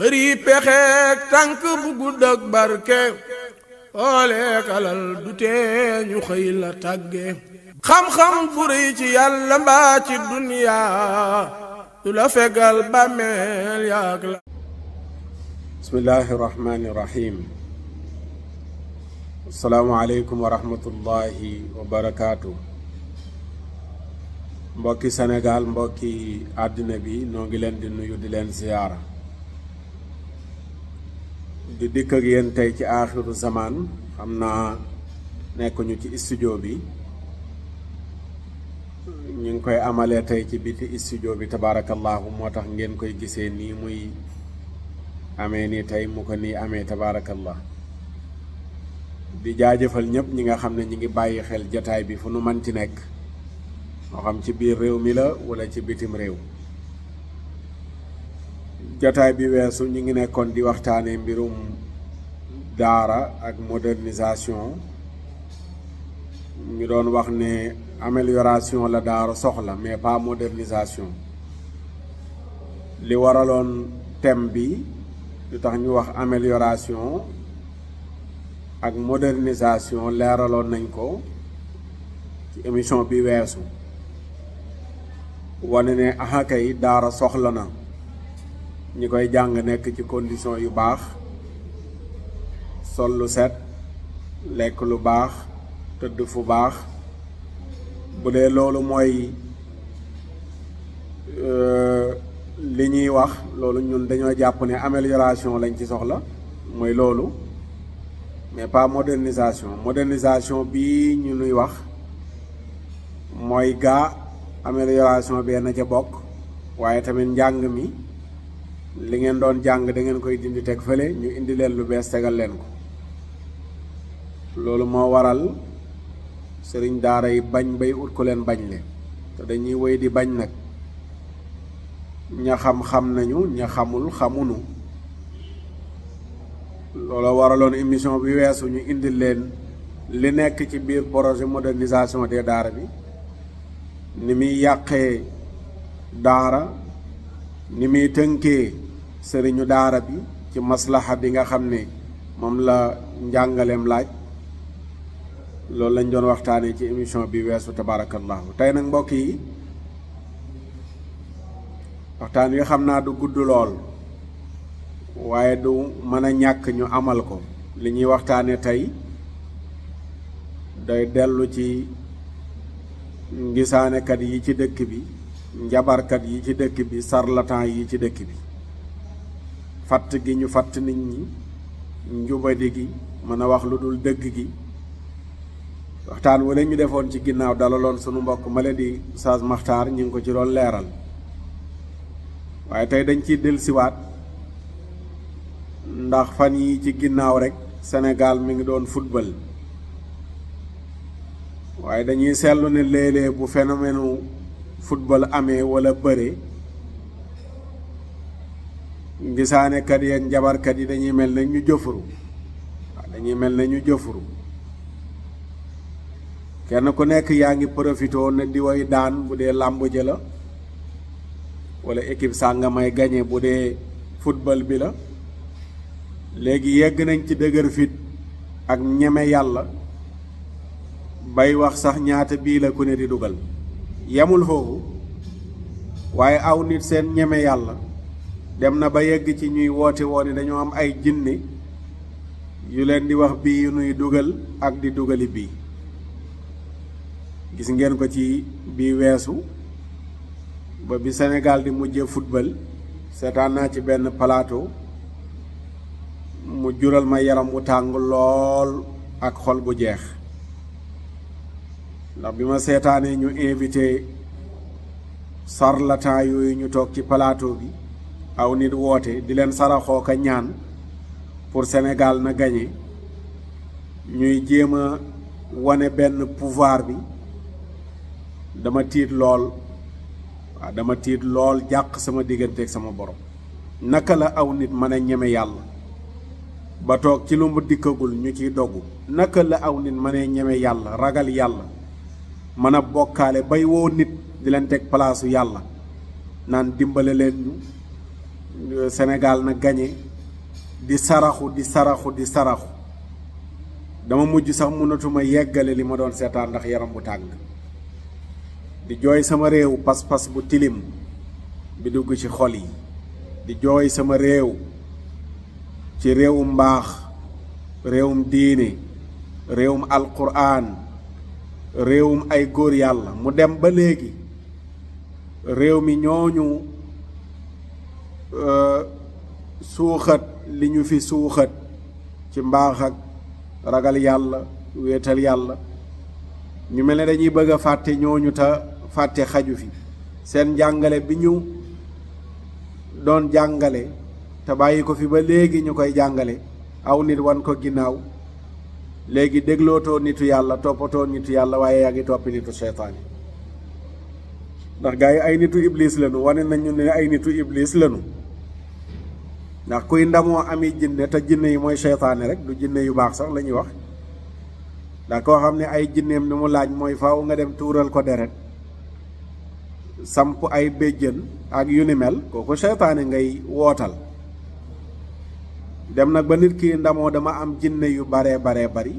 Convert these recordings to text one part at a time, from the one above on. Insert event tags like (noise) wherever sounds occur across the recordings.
bëri pexeek tànk bu gudd ak barke xooleek alal du ñu xëy la tàgge xam-xam bu rëy ci yàlla mbaa ci duniyaa du la fegal bàmmeel yaak la bismillahi rahmaani rahim asalaamualeykum wa mbokki senegaal mbokki àddina bi noo ngi leen di nuyu di leen ziyaara di dikk ak yéen tey ci aaxiru zamaan xam naa nekkuñu ci studio bi ñu ngi koy amalee tey ci biti studio bi tabaarakallaahu moo tax ngeen koy gisee nii muy amee nii tey mu ko nii amee tabaarakallah di jaajëfal ñépp ñi nga xam ne ñi ngi bàyyi xel jataay bi fu nu ci nekk moo xam ci biir réew mi la wala ci bitim réew jataay bi weesu ñu ngi nekkoon di waxtaanee mbirum daara ak modernisation ñu doon wax ne amelioration la daara soxla mais pas modernisation li waraloon thème bi lu tax ñu wax amelioration ak modernisation leeraloon nañ ko ci émission bi weesu wane ne aha kay daara soxla na ñi koy jàng nekk ci condition yu baax sol lu set lekk lu baax tëdd fu baax bu dee loolu mooy euh, li ñuy wax loolu ñun dañoo jàpp ne amélioration lañ ci soxla mooy loolu mais pas modernisation modernisation bii ñu nuy wax mooy gaa amélioration bee na ca bokk waaye tamit njàng mi li ngeen doon jàng dangeen koy dindi teg fële ñu indi leen lu bees segal leen ko loolu moo waral sëriñ daara yi bañ bay ut ko leen bañ le te dañuy woy di bañ nag ña xam-xam nañu ña xamul xamunu loolu waraloon émission bi weesu ñu indil leen li nekk ci biir projet modernisation des daara bi ni muy yàqee daara ni muy tënkee sëriñu daara bi ci maslaxa bi nga xam ne moom la njàngaleem laaj loolu lañ doon waxtaanee ci émission bi weesu tabaarakallaahu tey nag mbokk yi waxtaan wi xam naa du gudd lool waaye du mëna a ñàkk ñu amal ko li ñuy waxtaane tey day dellu ci ngisaanekat yi ci dëkk bi njabarkat yi ci dëkk bi sarlatan yi ci dëkk bi fatt gi ñu fatt nit ñi njubadi gi mën a wax lu dul dëgg gi waxtaan wala ñu defoon ci ginnaaw dalaloon sunu mbokk male di Oustaz Makhtar ñu ngi ko ci doon leeral waaye tey dañ ci dellusiwaat ndax fan yi ci ginnaaw rekk senegaal mi ngi doon football waaye dañuy seetlu ne léeg-léeg bu phénomène football amee wala bëre ngisaanekat yeeg njabarkat yi dañuy mel na ñu jëfuru waaw dañuy mel na ñu jëfuru kenn ku nekk yaa ngi profité na di way daan bu dee làmb ji la wala équipe sànga may gañe bu dee football bi la léegi yegg nañ ci dëgër fit ak ñeme yàlla bay wax sax ñaata bii la ku ne di dugal yemul foofu waaye aw nit seen ñeme yàlla dem na ba yegg ci ñuy woote wooni dañoo am ay jinne yu leen di wax bii yu nuy dugal ak di dugali bii gis ngeen ko ci bii weesu ba bi Sénégal di mujjee football seetaan naa ci benn palaato mu jural ma yaram wu tàng lool ak xol bu jeex ndax bi ma seetaanee ñu invité charlatan yooyu ñu toog ci plateau bi aw nit woote di leen saraxoo ka ñaan pour senegal na gañe ñuy jéem a wane benn pouvoir bi dama tiit lool waaw dama tiit lool jàq sama digganteeg sama borom naka la aw nit mën ñeme yàlla ba toog ci lu mu dikkagul ñu ciy doggu naka la aw nit mën ñeme yàlla ragal yàlla mën a bokkaale bay woo nit di leen teg palaasu yàlla naan dimbale leen ñu euh, Sénégal na gañe di saraxu di saraxu di saraxu dama mujj sax mënatuma yeggale li ma doon seetaan ndax yaram bu tàng di jooy sama réew pas-pas bu tilim bi dugg ci xol yi di jooy sama réew ci réewum mbaax réewum diine réewum alquran réewum ay góor yàlla mu dem ba léegi réew mi ñooñu euh, suuxat li ñu fi suuxat ci mbaaxak ragal yàlla wéetal yàlla ñu mel ne dañuy bëgg a fàtte ñooñu te fàtte xaju fi seen jàngale bi ñu doon jàngale te bàyyi ko fi ba léegi ñu koy jàngale aw nit wan ko ginnaaw léegi déglootoo nitu yàlla toppatoo nitu yàlla waaye yaa ngi toppi nitu seytaan yi ndax gars yi ay nitu iblis lañu wane nañu ne ay nitu iblis lenu ndax kuy ndamoo ami jinne te jinne yi mooy seytaane rek du jinne yu baax sax la ñuy wax ndax koo xam ne ay jinneem ni mu laaj mooy faw nga dem tuural ko deret samp ay béjjën ak yu ni mel kooku seytaane ngay wootal dem nag ba nit ki ndamoo dama am jinne yu baree baree bari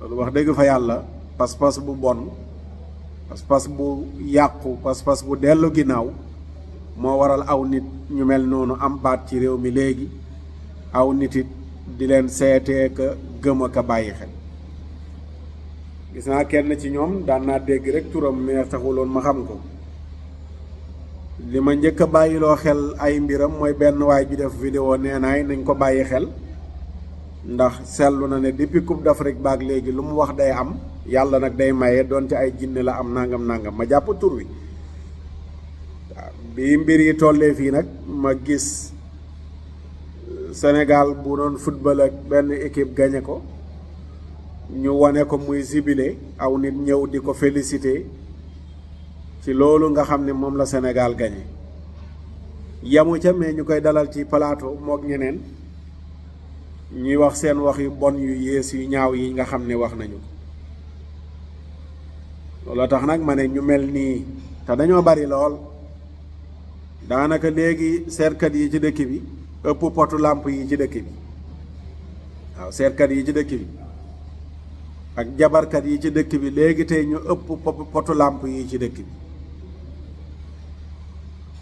loolu wax dëgg fa yàlla pas-pas bu bon pas-pas bu yàqu pas-pas bu dellu ginnaaw moo waral aw nit ñu mel noonu am baat ci réew mi léegi aw nit it di leen seetee ka gëm a ka bàyyi xel gis naa kenn ci ñoom daan naa dégg rek turam mais taxuloon ma xam ko li ma njëkk bàyyiloo xel ay mbiram mooy benn waay ju def vidéo nee naay nañ ko bàyyi xel ndax sellu na ne depuis Coupe d'Afrique baak léegi lu mu wax day am yàlla nag day maye ci ay jinne la am nangam nangam ma jàpp tur wi waaw mbir yi tollee fii nag ma gis Sénégal bu doon football ak benn équipe gagné ko ñu wane ko muy sibile aw nit ñëw di ko félicité ci loolu nga xam ne moom la Sénégal gagné yamu ca mais ñu koy dalal ci plateau moog ñeneen ñuy wax seen wax yu bon yu yéesu yu ñaaw yi nga xam ni wax nañu ko loolu tax nag ma ne ñu mel nii te dañoo bari lool daanaka léegi seetkat yi ci dëkk bi ëpp potu làmp yi ci dëkk bi waaw seetkat yi ci dëkk bi ak jabarkat yi ci dëkk bi léegi tey ñu ëpp potu làmp yi ci dëkk bi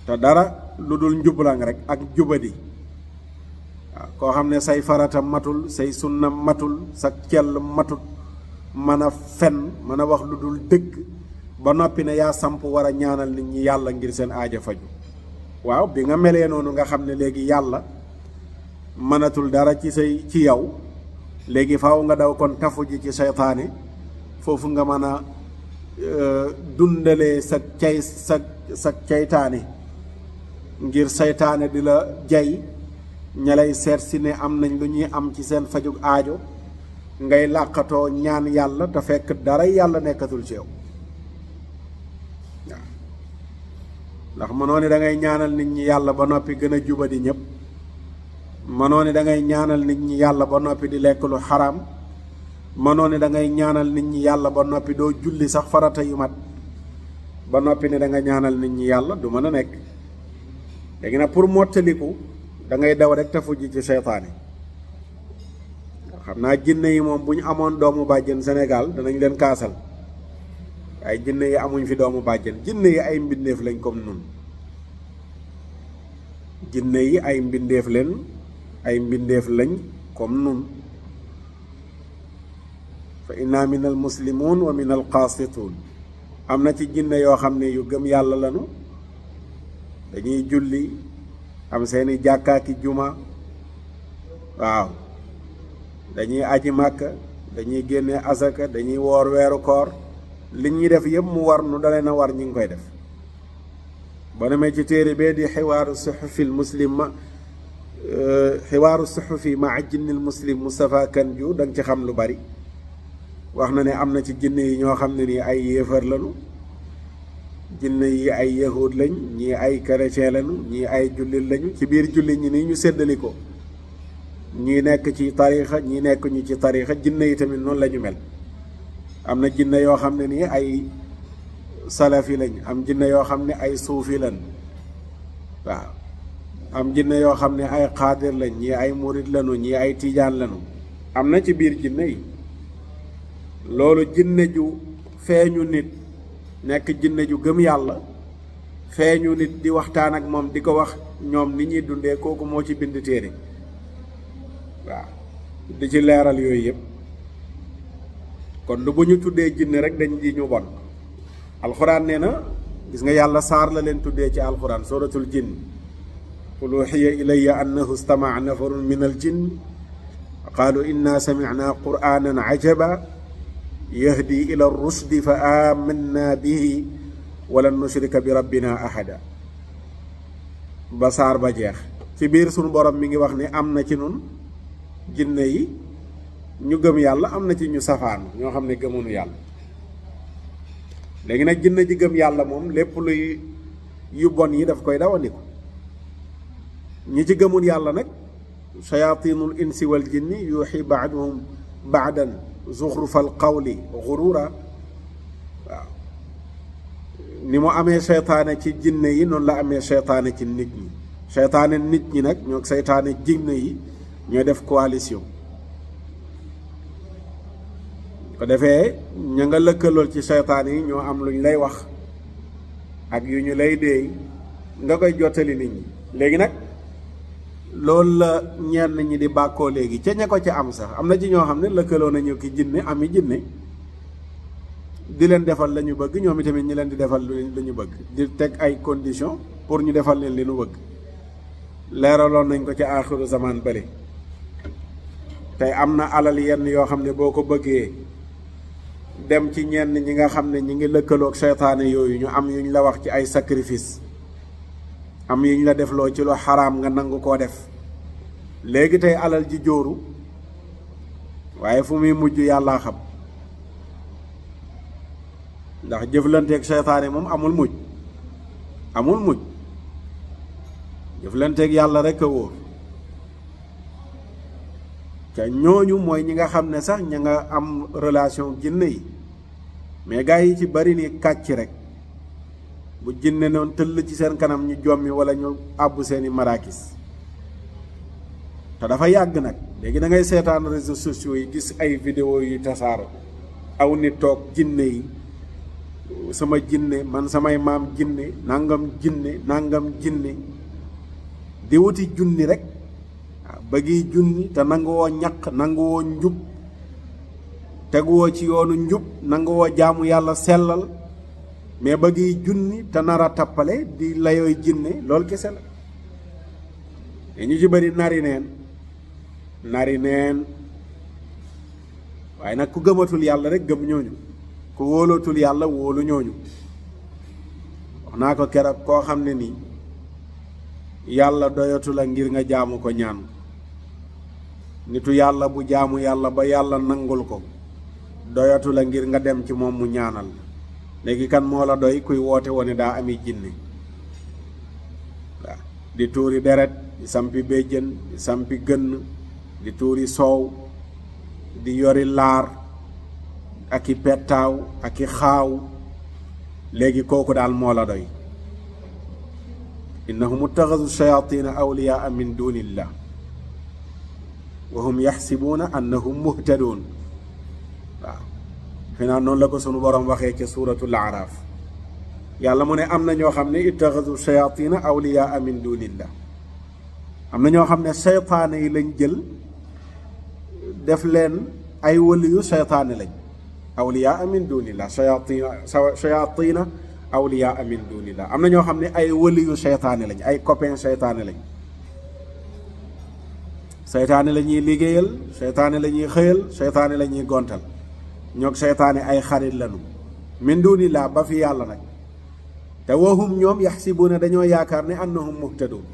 te dara lu dul njublang rek ak jubadi koo xam ne say farata matul say sunna matul sa cell matut mën a fen mën a wax lu dul dëgg ba noppi ne yaa samp war a ñaanal nit ñu yàlla ngir seen aaja faju waaw bi nga melee noonu nga xam ne léegi yàlla mënatul dara ci say ci yow léegi faw nga daw kon tafu ji ci seytaane foofu nga mën a euh, dundalee sa cay sa sa caytaane ngir saytaane di la jay ñalay seet si ne am nañ lu ñuy am ci seen fajug aajo ngay làqatoo ñaan yàlla te fekk dara yàlla nekkatul ci yow waaw ndax mënoo ni da ngay ñaanal nit ñi yàlla ba noppi gën a jubadi ñëpp mënoo ni da ngay ñaanal nit ñi yàlla ba noppi di lekk lu xaraam mënoo ni da ngay ñaanal nit ñi yàlla ba noppi doo julli sax farata yu mat ba noppi ne danga ñaanal nit ñi yàlla du mën a nekk léegi nag pour mottaliku da daw rek tafu ji ci seytaane xam naa jinne yi moom bu ñu amoon doomu bàjjen Sénégal danañ leen kaasal ay jinne yi amuñ fi doomu bàjjen jinne yi ay mbindeef lañ comme nun jinne yi ay mbindeef leen ay mbindeef lañ comme nun fa inna min al muslimun wa min al am na ci jinne yoo xam ne yu gëm yàlla lanu dañuy julli am seeni jàkkaaki juma waaw dañuy aji màkka dañuy génne asaka dañuy woor weeru koor li ñuy def yëpp mu war nu dalee na war ñu ngi koy def boo demee ci téere bee di xiwaaru suxufil muslim ma euh, xibaaru suxufi ma jinnil muslim Moustapha Kane Diop da dang ci xam lu bari wax na ne am na ci jinne yi ñoo xam ne nii ay yéefar lañu jinne yi ay yahud lañ ñii ay chrétien lañu ñii ay jullit lañu ci biir jullit ñi nii ñu séddali ko ñii nekk ci tariixa ñii nekk ñu ci tariixa jinne yi tamit noonu la ñu mel am na jinne yoo xam ne nii ay salafi lañu am jinne yoo xam ne ay suufi lañ waaw am jinne yoo xam ne ay xaadir lañ ñii ay murit lañu ñii ay tiijaan lañu am na ci biir jinne yi loolu jinne ju feeñu nit nekk jinne ju gëm yàlla feeñu nit di waxtaan ak moom di ko wax ñoom ni ñuy dundee kooku moo ci bind téere waaw di ci leeral yooyu yëpp kon du bu ñu tuddee jinne rek dañ di ñu bon alxuraan ne na gis nga yàlla saar la leen tuddee ci alxuraan suratul jinn qul uxiya ilayya annahu istamaca nafarun min al jinn qaalu inna samicna quraanan ajaba yahdi ila rusdi fa amanna bihi walan nushrika bi rabbina ahada ba saar ba jeex ci biir sunu borom mi ngi wax ni am na ci nun jinne yi ñu gëm yàlla am na ci ñu safaanu ñoo xam ne gëmuñu yàlla léegi nag jinne ji gëm yàlla moom lépp luy yu bon yi daf koy dawandiku ñi ci gëmul yàlla nag shayatinul insi wal jinni yuuxi baaduhum baadan zuxrufal qawli xurura waaw ni mu amee seytaane ci jinne yi noonu la amee seytaane ci nit ñi seytaane nit ñi nag ñoo seytaane jinne yi ñoo def coalition ko defee ña nga lëkkalool ci seytaane yi ñoo am luñ lay wax ak yu ñu lay déey nga koy jottali nit ñi léegi nag loolu la ñenn ñi di bàkkoo léegi ca ña ko ca am sax am na ci ñoo xam ne lëkkaloo nañu ki jinne ami jinne di leen defal la ñu bëgg ñoom itamit ñi leen di defal lu ñu bëgg di teg ay condition pour ñu defal leen li nu bëgg leeraloon nañ ko ci aaxiru zaman bëri tey am na alal yenn yoo xam ne boo ko bëggee dem ci ñenn ñi nga xam ne ñi ngi lëkkaloog seytaane yooyu ñu am yuñ la wax ci ay sacrifice am yiñ la defloo ci lu xaraam nga nangu koo def léegi tey alal ji jóoru waaye fu muy mujj yàllaa xam ndax jëflanteeg seytaane moom amul mujj amul mujj jëflanteek yàlla rek a wóor te ñooñu mooy ñi nga xam ne sax ña nga am relation jinne yi mais gars yi ci bari ni kàcc rek bu jinne noon tëll ci seen kanam ñu jommi wala ñu àbbu seeni maraakis te dafa yàgg nag léegi dangay seetaan réseaux sociaux yi gis ay video yu tasaaro aw ni toog jinne yi sama jinne man samay maam jinne nangam jinne nangam jinne di wuti junni rek waaw bëggi junni te nanguwoo ñaq nanguwoo njub teguwoo ci yoonu njub nanguwoo jaamu yàlla sellal mais ba gi junni te nar a tappale di layooy jinne loolu kese la te ñu ci bari narineen narineen waaye nag ku gëmatul yàlla rek gëm ñooñu ku wóolootul yàlla wóolu ñooñu wax naa ko keroog koo xam ne nii yàlla doyatu la ngir nga jaamu ko ñaan nitu yàlla bu jaamu yàlla ba yàlla nangul ko doyatu la ngir nga dem ci moom mu ñaanal léegi kan moo la doy kuy woote wone daa ami jinne waaw di tuuri deret di sampi béjjën di sampi gënn di tuuri soow di yori laar ak i pettaaw ak i xaaw léegi kooku daal moo la doy innahum ittaxasu shayaatiina awliyaa min duunillah wa hum yaxsibuuna annahum muhtaduun xëy noonu la ko suñu borom waxee ca suuratul araaf yàlla mu ne am na ñoo xam ne ittaxadu shayaatiina awliyaa min duunillah am na ñoo xam ne seytaane yi lañ jël def leen ay waliyu seytaane lañ awliyaa min duunillah shayaatiina shayaatiina awliyaa min duunillah am na ñoo xam ne ay waliyu seytaane lañ ay copain seytaane lañ seytaane la ñuy liggéeyal seytaane la ñuy xëyal seytaane la ñuy gontal ñoog seytaane ay xarit lanu min duni laa ba fi yàlla nag te wahum ñoom ne dañoo yaakaar ne annahum muhtadun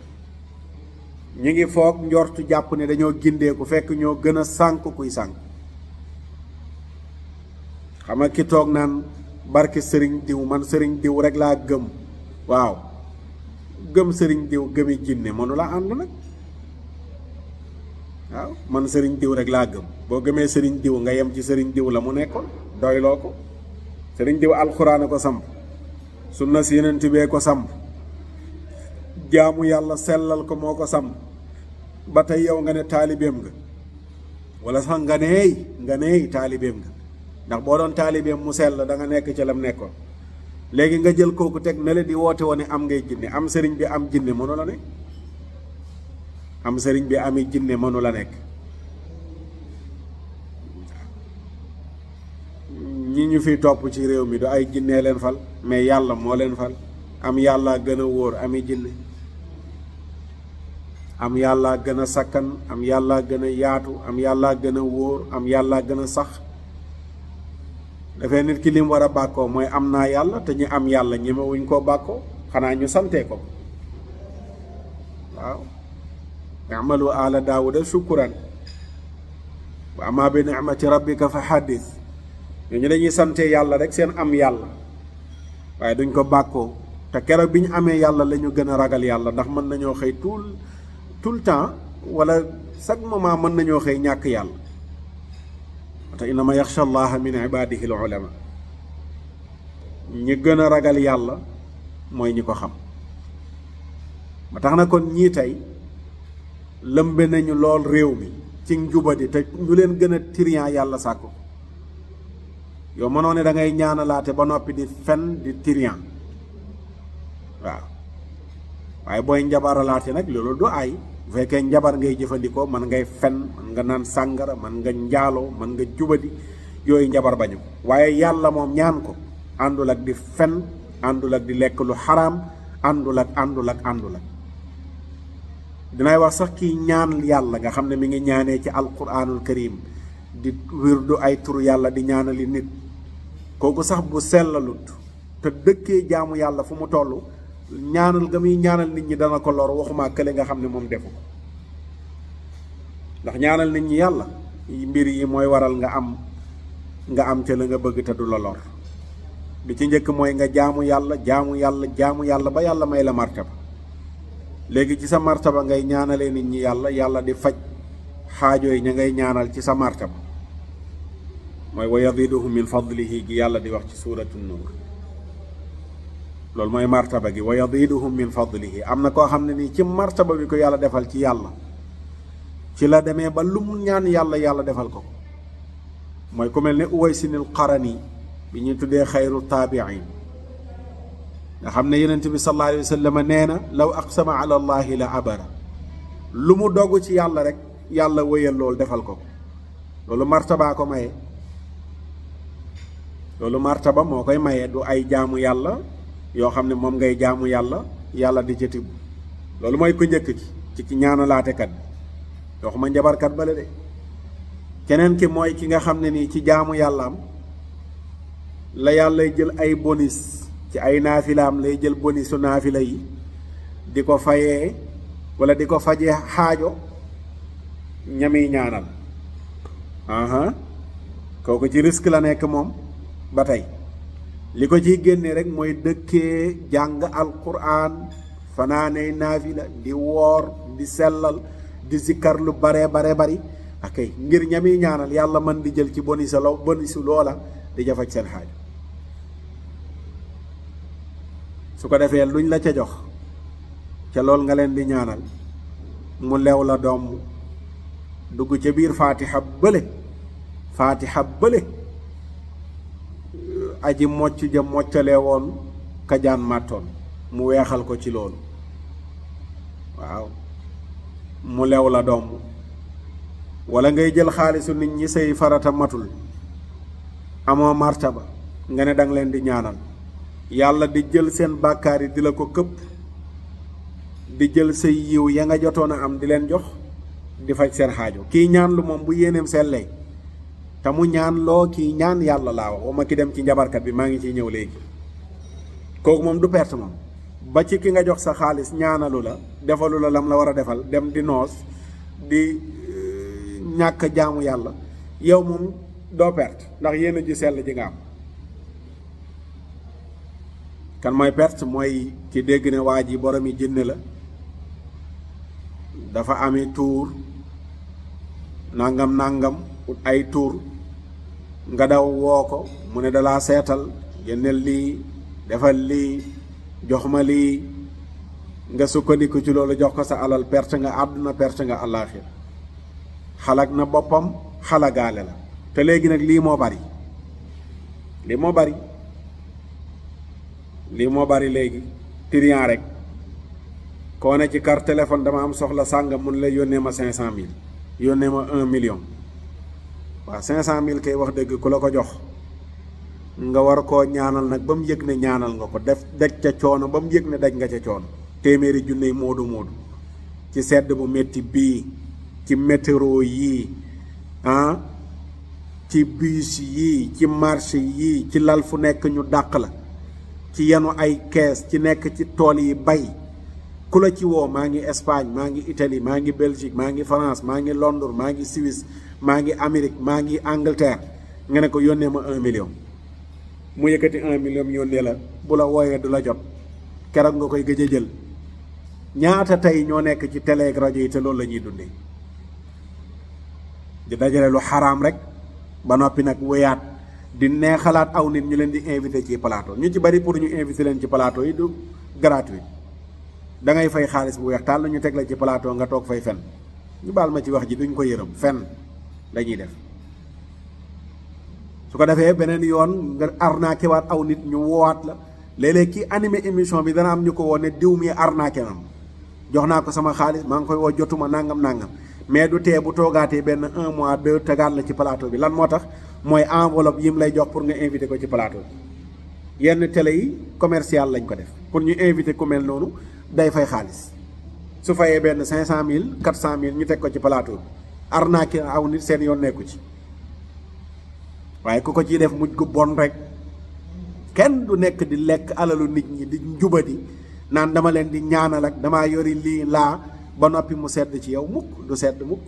ñu ngi foog njortu jàpp ne dañoo gindee gindeeku fekk ñoo gën a sànk kuy sànk xam nga ki toog naan barke sëriñ diw man sëriñ diw rek laa gëm waaw gëm sëriñ diw gëmi jinne mënu la ànd nag waaw man sëriñ diw rek laa gëm boo gëmee sëriñ diw nga yem ci sëriñ diw la mu nekkoon doyloo ko sëriñ diw alxuraan a ko samp su si yeneen tibee ko samp jaamu yàlla sellal ko moo ko samp ba tey yow nga ne taalibeem nga wala sax nga neey nga neey taalibeem nga ndax boo doon taalibeem mu sell da nga nekk ci mu nekkoon léegi nga jël kooku teg ne di woote woon ne am ngay jinne am sëriñ bi am jinne mënu ne am sëriñ bi ami jinne mënu la nekk ñi ñu fi topp ci réew mi du ay jinne leen fal mais yàlla moo leen fal am yàlla gën a wóor ami jinne am yàlla gën a sakkan am yàlla gën a yaatu am yàlla gën a wóor am yàlla gën a sax dafay nit ki lim war a bàkkoo mooy am naa yàlla te ñu am yàlla ñemewuñ koo bàkkoo xanaa ñu santee ko waaw amalu ala daawuda sukkuran wa ama bi nicmati rabbika fa xaddis ñooñu dañuy sante yàlla rek seen am yàlla waaye duñ ko bàkkoo te keroog bi ñu amee yàlla la ñu gën a ragal yàlla ndax mën nañoo xëy tout tout le temps walla chaque moment mën nañoo xëy ñàkk yàlla te innama yaxsha allaha min ibadihi al ñi gën a ragal yàlla mooy ñi ko xam ba tax na kon ñii tey lëmbe nañu lool réew mi ci njubadi te ñu leen gën a tiriyan yàlla sàkku yow mënoo ne da ngay ñaanalaate ba noppi di fen di tiriyan waaw waaye booy njabaralaate nag loolu du ay bu fekkee njabar ngay jëfandikoo man ngay fen man nga naan sàngara man nga njaaloo man nga jubadi yooyu njabar bañu waaye yàlla moom ñaan ko àndul ak di fen àndul ak di lekk lu xaraam àndul ak àndul ak àndul ak dinaay wax sax kii ñaan yàlla nga xam ne mi ngi ñaanee ci alquranul karim di wirdu ay tur yàlla di ñaanali nit kooku sax bu sellalut te dëkkee jaamu yàlla fu mu toll ñaanal nga muy ñaanal nit ñi dana ko lor waxumaa kële nga xam ne moom defu ndax ñaanal nit ñi yàlla mbir yi mooy waral nga am nga am ca la nga bëgg te du la lor bi ci njëkk mooy nga jaamu yàlla jaamu yàlla jaamu yàlla ba yàlla may la martaba léegi ci sa martaba ngay ñaanalee nit ñi yàlla yàlla di faj xaajo yi ña ngay ñaanal ci sa martaba mooy wa yaziduhum min fadlihi gi yàlla di wax ci suuratu nuur loolu mooy martaba gi wa yaziduhum min fadlihi am na koo xam ne nii ci martaba bi ko yàlla defal ci yàlla ci la demee ba lu mu ñaan yàlla yàlla defal ko mooy ku mel ne uwaysinil qarani bi ñuy tuddee xayru taabiin nga xam ne yonent bi sallallahu alayhi wa sallam nee na law aqsama ala allahi la abara lu mu dog ci yàlla rek yàlla wéyal loolu defal ko loolu martabaa ko maye loolu martaba moo koy maye du ay jaamu yàlla yoo xam ne moom ngay jaamu yàlla yàlla di jëti loolu mooy ko njëkk ki ci ki ñaanalaate kat bi waxuma njabarkat bale de keneen ki mooy ki nga xam ne nii ci jaamu yàllaam la yàllay jël ay bonus ci ay naafilaam lay jël boni su naafila yi di ko fayee wala di ko fajee xaajo ñami ñaanal aha kooku ci risque la nekk moom ba tey li ko ciy génnee rek mooy dëkkee jàng alquran fanaaney naafila di woor di sellal di sikar lu bare bare bari akay ngir ñami ñaanal yàlla mën di jël ci boni sa lo boni su loola di jafaj seen xaajo su ko defee luñ la ca jox ca lool nga leen di ñaanal mu lew la doom dugg ca biir faatixa bële faatixa bële euh, aji mocc ja moccale woon ka màttoon mu weexal ko ci loolu waaw mu lew la doom wala ngay jël xaalisu nit ñi say farata matul amoo martaba nga ne danga leen di ñaanal yàlla di jël seen bàkkaari di la ko këpp di jël say yiw ya nga jotoon a am di leen jox di faj seen xaajo kii ñaan lu moom bu yéeneem seen lay te mu ñaan loo kii ñaan yàlla laa wax ma ki dem ci njabarkat bi maa ngi ciy ñëw léegi kooku moom du perte moom ba ci ki nga jox sa xaalis ñaanalu la defalu la lam la war a defal dem di noos di euh, ñàkk jaamu yàlla yow moom doo perte ndax yéen a ji sell ji nga am kan mooy perte mooy ki dégg ne waa ji borom yi jinne la dafa amee tuur nangam nangam ay tuur nga daw woo ko mu ne dalaa seetal génneel lii defal lii jox ma lii nga sukkandiku ci loolu jox ko sa alal perte nga àdduna perte nga àllaaxir xalak na boppam xalagaale la te léegi nag lii moo bari lii moo bari lii moo bari léegi triant rek koo ne ci carte téléphone dama am soxla sàngam mun lay yónnee ma cinq cent mille yónnee ma un million waaw cinq cent mille kay wax dëgg ku la ko jox nga war koo ñaanal nag ba mu yëg ne ñaanal nga ko def daj ca coono ba mu yëg ne daj nga ca coono téeméeri junne yi moodu moodu ci sedd bu metti bii ci météro yii ah ci bus yi ci marché yii ci lal fu nekk ñu dàq la ci yenu ay kees ci nekk ci tool yi bay ku la ci woo maa ngi Espagne maa ngi Italie maa ngi Belgique maa ngi France maa ngi Londres maa ngi Suisse maa ngi Amérique maa ngi Angleterre nga ne ko yónnee ma un million mu yëkkati un million yónnee la bu la wooyee du la jot keroog nga koy gëj jël ñaata tey ñoo nekk ci télé rajo yi te loolu la ñuy dundee di dajale lu xaraam rek ba noppi nag wéyaat di xalaat aw nit ñu leen di invité ci plateau ñu ci bari pour ñu invité leen ci plateau yi du gratuit da ngay fay xaalis bu weex tàll ñu teg la ci plateau nga toog fay fen ñu baal ma ci wax ji duñ ko yërëm fen lañuy def su ko defee beneen yoon nga arnaqué waat aw nit ñu woowaat la léeg-léeg kii animé émission bi dana am ñu ko woo ne diw mi arnaqué na jox naa ko sama xaalis maa ngi koy woo jotuma nangam nangam mais du tee bu toogaatee benn un mois deux tegaat la ci plateau bi lan moo tax. mooy enveloppe yim lay jox pour nga invité ko ci plateau yenn télé yi commercial lañ ko def pour ñu invité ku mel noonu day fay xaalis su fayee benn cinq cent mille quatre cent mille ñu teg ko ci plateau bi arnaque aw nit seen yoon nekku ci waaye ku ko ci def mujj gu bon rek kenn du nekk di lekk alalu nit ñi di njuba di naan dama leen di ñaanal ak damaa yori lii laa ba noppi mu sedd ci yow mukk du sedd mukk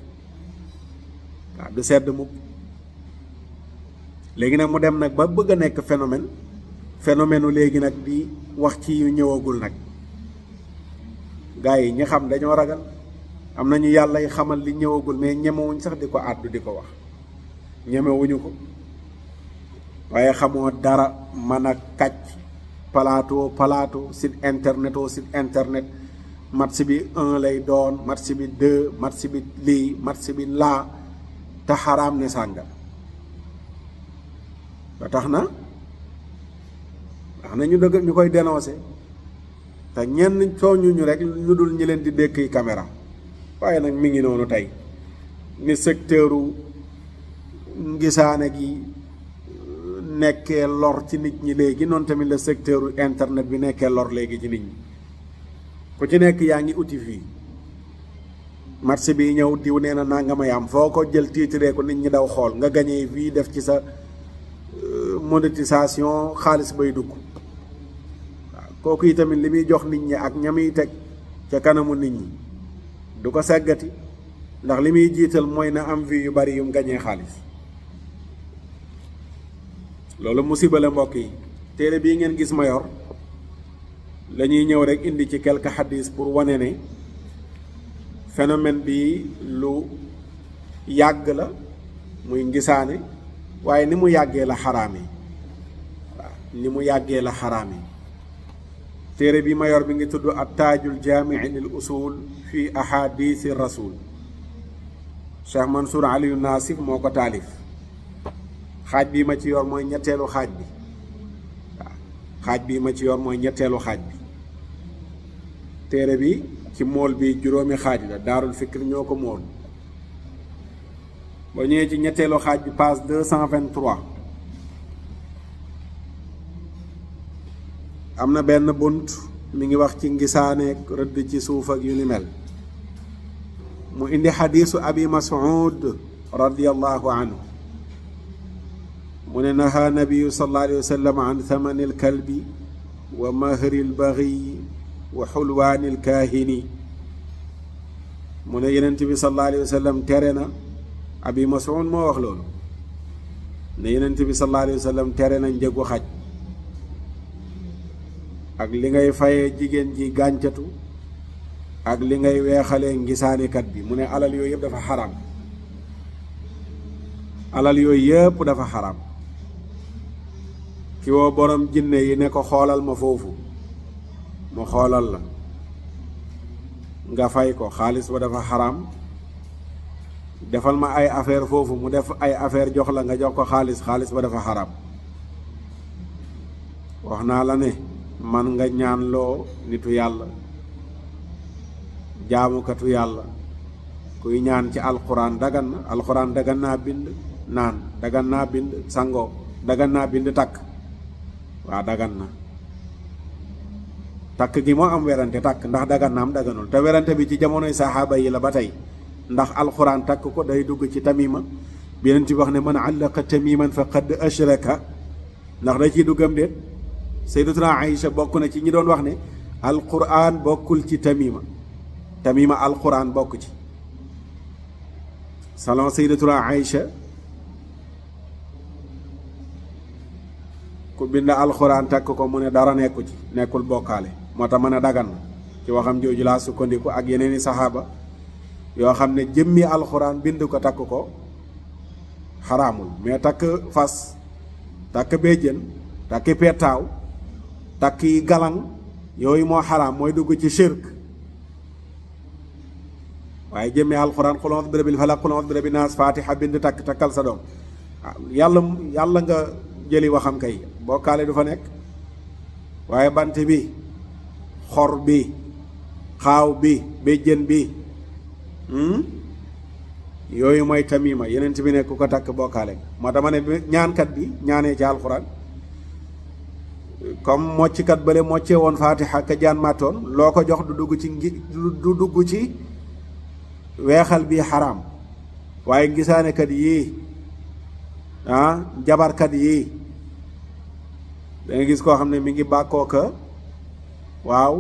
waaw du sedd mukk léegi nag mu dem nag ba bëgg a nekk phénomène phénomène léegi nag di wax ci ñëwagul nag gars yi ñi xam dañoo ragal am nañu yàlla yi xamal li ñëwagul mais ñemewuñ sax di ko àddu di ko wax ñemewuñu ko waaye xamoo dara mën a kàcc plateau plateau site internet sit internet match bi un lay doon match bi deux match bi lii match bi laa te xaram ne sànga ba tax na tax na ñu dëgg ñu koy dénoncé te ñenn cooñu ñu rek lu dul ñi leen di dékk caméra waaye nag mi ngi noonu tey ni secteuru ngisaane gi nekkee lor ci nit ñi léegi noonu tamit la secteuru internet bi nekkee lor léegi ci nit ñi ku ci nekk yaa ngi uti fii marché bi ñëw diw nee na ma yaam foo ko jël tiitiree ko nit ñi daw xool nga gañee fii def ci sa monétisation xaalis bay dugg waaw kooku yi tamit li muy jox nit ñi ak ña teg ca kanamu nit ñi du ko seggati ndax li muy jiital mooy na am vie yu bari yum gañee xaalis loolu musiba la mbokk yi téere bii ngeen gis ma yor lañuy ñëw rek indi ci quelques hadis pour wane ne phénomène bi lu yàgg la muy ngisaane waaye ni mu yàggee la xaraam yi ni mu yàggee la xaraam yi téere bi ma yor bi ngi tudd at taajul jaamici lil usul fi ahadisi rasul cheikh mansour aliyu naasif moo ko taalif xaaj bi ma ci yor mooy ñetteelu xaaj bi xaaj bi ma ci yor mooy ñetteelu xaaj bi téere bi ci mool bi juróomi xaaj la daarul fikr ñoo ko mool ba ñëwee ci ñetteelu xaaj bi page deux vingt-trois am na benn bunt mi ngi wax ci ngisaaneek rëdd ci suuf ak yu ni mel mu indi xadiisu abi mas'ud radiyallahu anhu mu ne naha nabiyu sallallahu alayhi wa sallam an thamani alkalbi wa mahri albagiyi wa xulwaani alkaahini mu ne yenent bi sallallahu alayhi wa sallam tere na abi mas'ud moo wax loolu ne yenent bi sallallahu alayhi wa tere na njegu xaj ak li ngay fayee jigéen ji gàncatu ak li ngay weexalee ngisaanikat bi mu ne alal yooyu yëpp dafa xaraam alal yooyu yëpp dafa xaram ki woo borom jinne yi ne ko xoolal ma foofu mu xoolal la nga fay ko xaalis ba dafa xaraam defal ma ay affaire foofu mu def ay affaire jox la nga jox ko xaalis xaalis ba dafa xaraam wax naa la ne man nga ñaan loo nitu yàlla jaamukatu yàlla kuy ñaan ci alxuraan dagan na alxuraan dagan naa bind naan dagan naa bind sangoo dagan naa bind takk waa dagan na takk gi moo am werante takk ndax dagan na am daganul te werante bi ci jamonoy saxaaba yi la ba tey ndax alxuraan takk ko day dugg ci tamima bi leen ci wax ne mën man allaqa tamiman faqad ashraka ndax da ciy duggam déet sayyidatuna Aïcha bokk na ci ñi doon wax ni alquran bokkul ci tamima tamima alxuraan bokk ci salon sayyidatuna Aïcha ku bind alxuraan takk ko mu ne dara nekku ci nekkul bokkaale moo tax mën a dagan na ci waxam jooju laa sukkandiku ak yeneen i saxaaba yoo xam ne jëmmi alxuraan bind ko takk ko xaraamul mais takk fas takk béjjën takk pettaaw takk yi galan yooyu moo xaraam mooy dugg ci shirk waaye jëmee alxuraan xul a'uuzu bi rabbil falaq xul a'uuzu bi rabbin naas faatiha bind takk takkal sa doom ah, yàlla yàlla nga jëli waxam kay bokkaale du fa nekk waaye bant bi xor bi xaaw bi béjjën bi hmm? yooyu mooy tamima yeneen bi nekk ku ko takk bokkaale moo dama ne ñaankat bi ñaanee ci alxuraan comme mocckat bële moccee woon faatixa ka jaan màttoon loo ko jox du dugg ci ngi du dugg ci weexal bii xaram waaye gisaanekat yii ah jabarkat yii da gis koo xam ne mi ngi bàkkoo ka waaw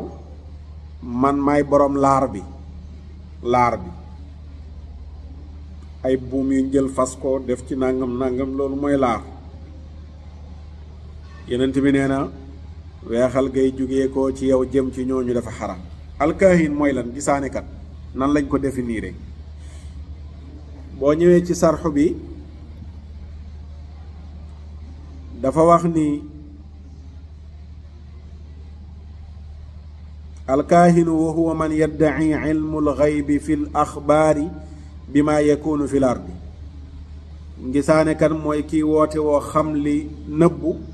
man may boroom laar bi laar bi ay buum yu jël fas ko def ci nangam nangam loolu mooy laar yonent bi nee na weexal gay jugee ko ci yow jëm ci ñooñu dafa xaram alkaahin mooy lan gisaanekat nan lañ ko définir boo ñëwee ci sarxu bi dafa wax ni alkaahinu wa huwa man yaddai ilmu lxaybi fi l axbaari bi maa yakunu fi l ardi ngisaanekat mooy kii woote woo xam li nëbbu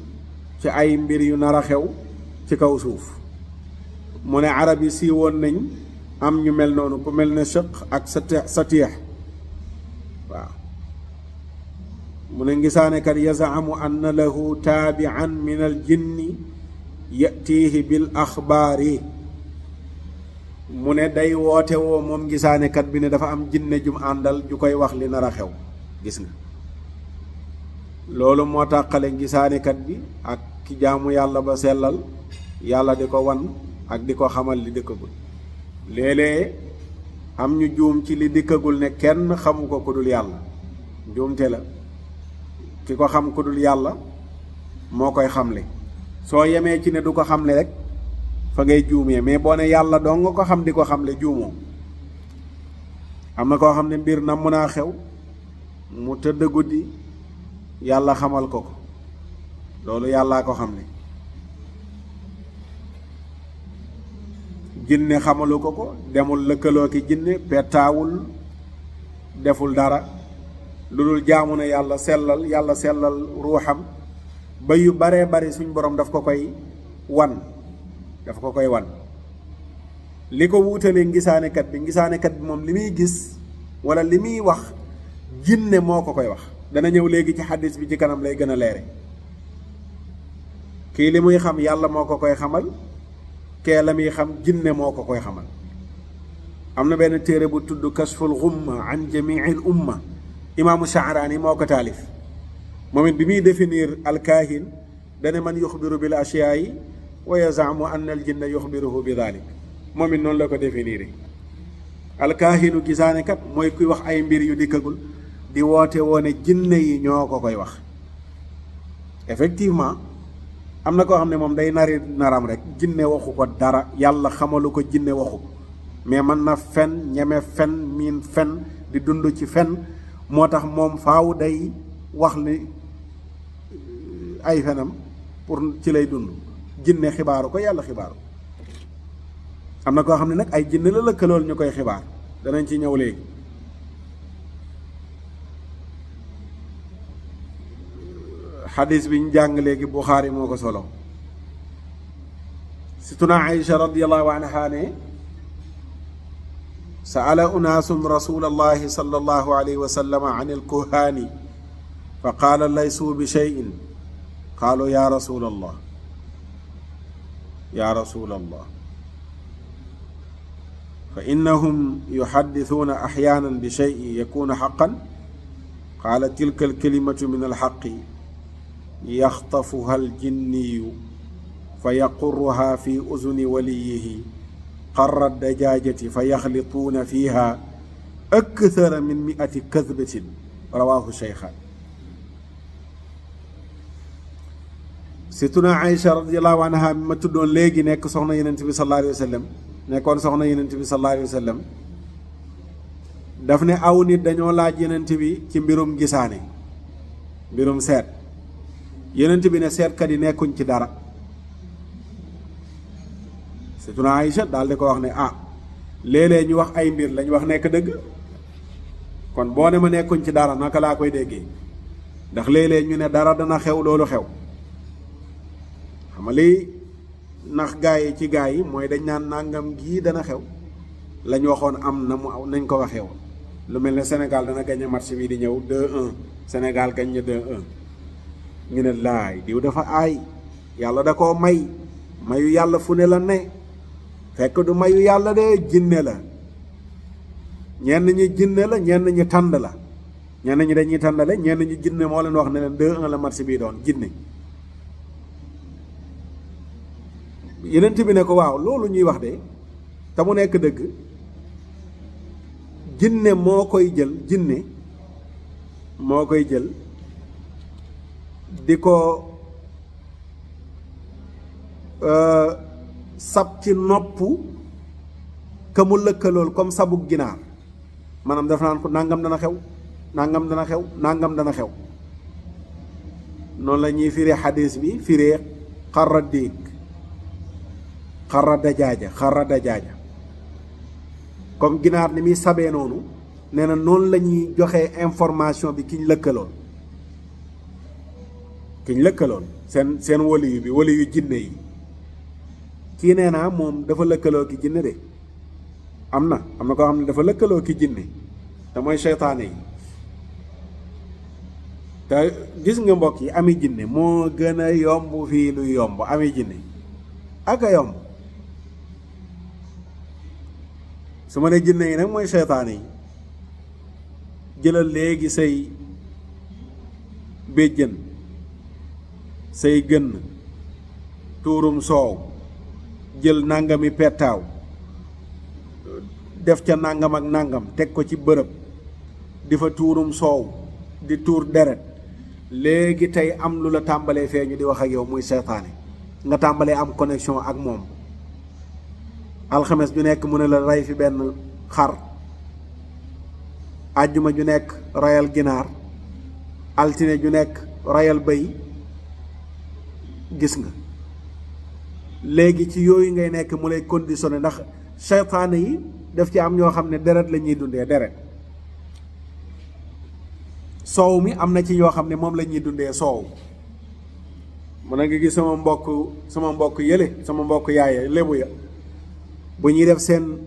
ci ay mbir yu nar a xew ci kaw suuf mu ne arab yi siiwoon nañ am ñu mel noonu ku mel ne sëq ak satiix waaw mu ne ngisaanekat yazaamu anna lahu taabian min al jinni yatiihi bil axbaari mu ne day woote woo moom ngisaanekat bi ne dafa am jinne ju àndal ju koy wax li nara xew gis nga loolu moo taqale ngisaanekat bi ak ci jaamu yàlla ba sellal yàlla di ko wan ak di ko xamal li dikkagul léeg-léeg am ñu juum ci li dikkagul ne kenn xamu ko ku dul yàlla njuumte la ki ko xam ku dul yàlla moo koy xamle soo yemee ci ne du ko xamle rek fa ngay juumee mais boo ne yàlla dong nga ko xam di ko xamle juumoo am na koo xam ne mbir na mën a xew mu tëdd guddi yàlla xamal ko ko loolu yàllaa ko xam ne jinne xamalu ko ko demul lëkkaloo ki jinne pettaawul deful dara lu dul jaamu na yàlla sellal yàlla sellal ruuxam ba yu baree bari suñu borom daf ko koy wan daf ko koy wan li ko wuutalee ngisaanekat bi ngisaanekat bi moom li muy gis wala li muy wax jinne moo ko koy wax dana ñëw léegi ci xaddis bi ci kanam lay gën a leere kii li muy xam yàlla moo ko koy xamal kee la muy xam jinne moo ko koy xamal am na benn téere bu tudd kasful xumma ko taalif moom it bi muy définir alkaahin dane man yuxbiru bil ashyaa'i wa yazaamu anna al jinna yuxbiruhu bi daalik moom it noonu la ko définir alkaahinu gisaane kat mooy kuy wax ay mbir yu dikkagul di woote woone jinne yi ñoo ko koy wax effectivement am na koo xam ne moom day nari naram rek jinne waxu ko dara yàlla xamalu ko jinne waxu mais man na fen ñeme fen miin fen di dund ci fen moo tax moom faaw day wax ni eh, ay fenam pour ci lay dund jinne xibaaru ko yàlla xibaaru am na koo xam ne nag ay jinne la lëkkalool ñu koy xibaar danañ ci ñëw léegi xadis bi ñu jàng léegi Buxaari moo ko solo situna Aïcha radiallahu anha ne saala unaasum rasulallahi sallallahu alayhi wa sallam an alkuhaani fa qaala laysuu bi cheyin qaalu yaa rasulallah yaa rasulallah fa innahum yuxaddisuuna axyaanan bi cheyin yakuunu xaqan qaala tilka alkalimatu min alxaqi yaxtafuha aljinniyu fa yaquruha fi usuni waliyihi qarra fa yaxlituuna fiiha akthara min miati kadbatin rawaahu cheykhaan situna Aïcha radiallahu anha bi ma tuddoon léegi nekk soxna yenent bi sallallahu alayhi nekkoon soxna yenent bi sallallahu alayhi wa ne aw nit dañoo laaj yenent bi ci mbirum gisaane mbirum seet yenent bi ne seetkat yi nekkuñ ci dara Sayyidatuna Aïcha daal di ko wax ne ah léeg ñu wax ay mbir lañ wax nekk dëgg kon boo ne ma nekkuñ ci dara naka laa koy déggee ndax léeg ñu ne dara dana xew loolu xew xam nga lii nax gaa ci gaa yi mooy dañ naan nangam gii dana xew lañ waxoon am na mu aw nañ ko waxee woon lu mel ne Sénégal dana gañe match bi di ñëw 2-1 Sénégal gañ na 2 ñu ne laay diw dafa aay yàlla da koo may mayu yàlla fu ne la ne fekk du mayu yàlla de jinne la ñenn ñi jinne la ñenn ñi tànd la ñenn ñi dañuy tàndale ñenn ñi jinne moo leen wax ne leen deux un la match bii doon jinne yenent bi ne ko waaw loolu ñuy wax de te mu nekk dëgg jinne moo koy jël jinne moo koy jël di ko euh, sab ci nopp ka mu lëkkalool comme sabug ginaar maanaam daf naan ko nangam dana xew nangam dana xew nangam dana xew noonu la ñuy firee xadis bi firee xarra déeg xarra dajaaja comme ginaar ni muy sabee noonu nee na noonu la ñuy joxee information bi kiñ ñu kiñ lëkkaloon seen seen waliyu bi waliyu jinne yi kii nee moom dafa lëkkaloo ki jinne de am na am na koo xam ne dafa lëkkaloo ki jinne te mooy seytaane yi te gis nga mbokk yi ami jinne moo gën a yomb fii lu yomb ami jinne ak a yomb su ma ne jinne yi nag mooy seytaane yi jëlal léegi say béjjën say gën tuurum soow jël nàngami pettaaw def ca nàngam ak nàngam teg ko ci bërëb di fa tuurum soow di tuur deret léegi tey am lu la tàmbalee feeñu di wax ak yow muy seetaane nga tàmbalee am connexion ak moom alxames ju nekk mu ne la rey fi benn xar àjjuma ju nekk reyal ginaar altine ju nekk reyal bay gis nga léegi ci yooyu ngay nekk mu lay conditionné ndax seytaane yi def ci am ñoo xam ne deret la ñuy dundee deret soow mi am na ci ñoo xam ne moom lañuy dundee soow mun na nga gis sama mbokk sama mbokk yële sama mbokk yaaya lébu ya bu ñuy def seen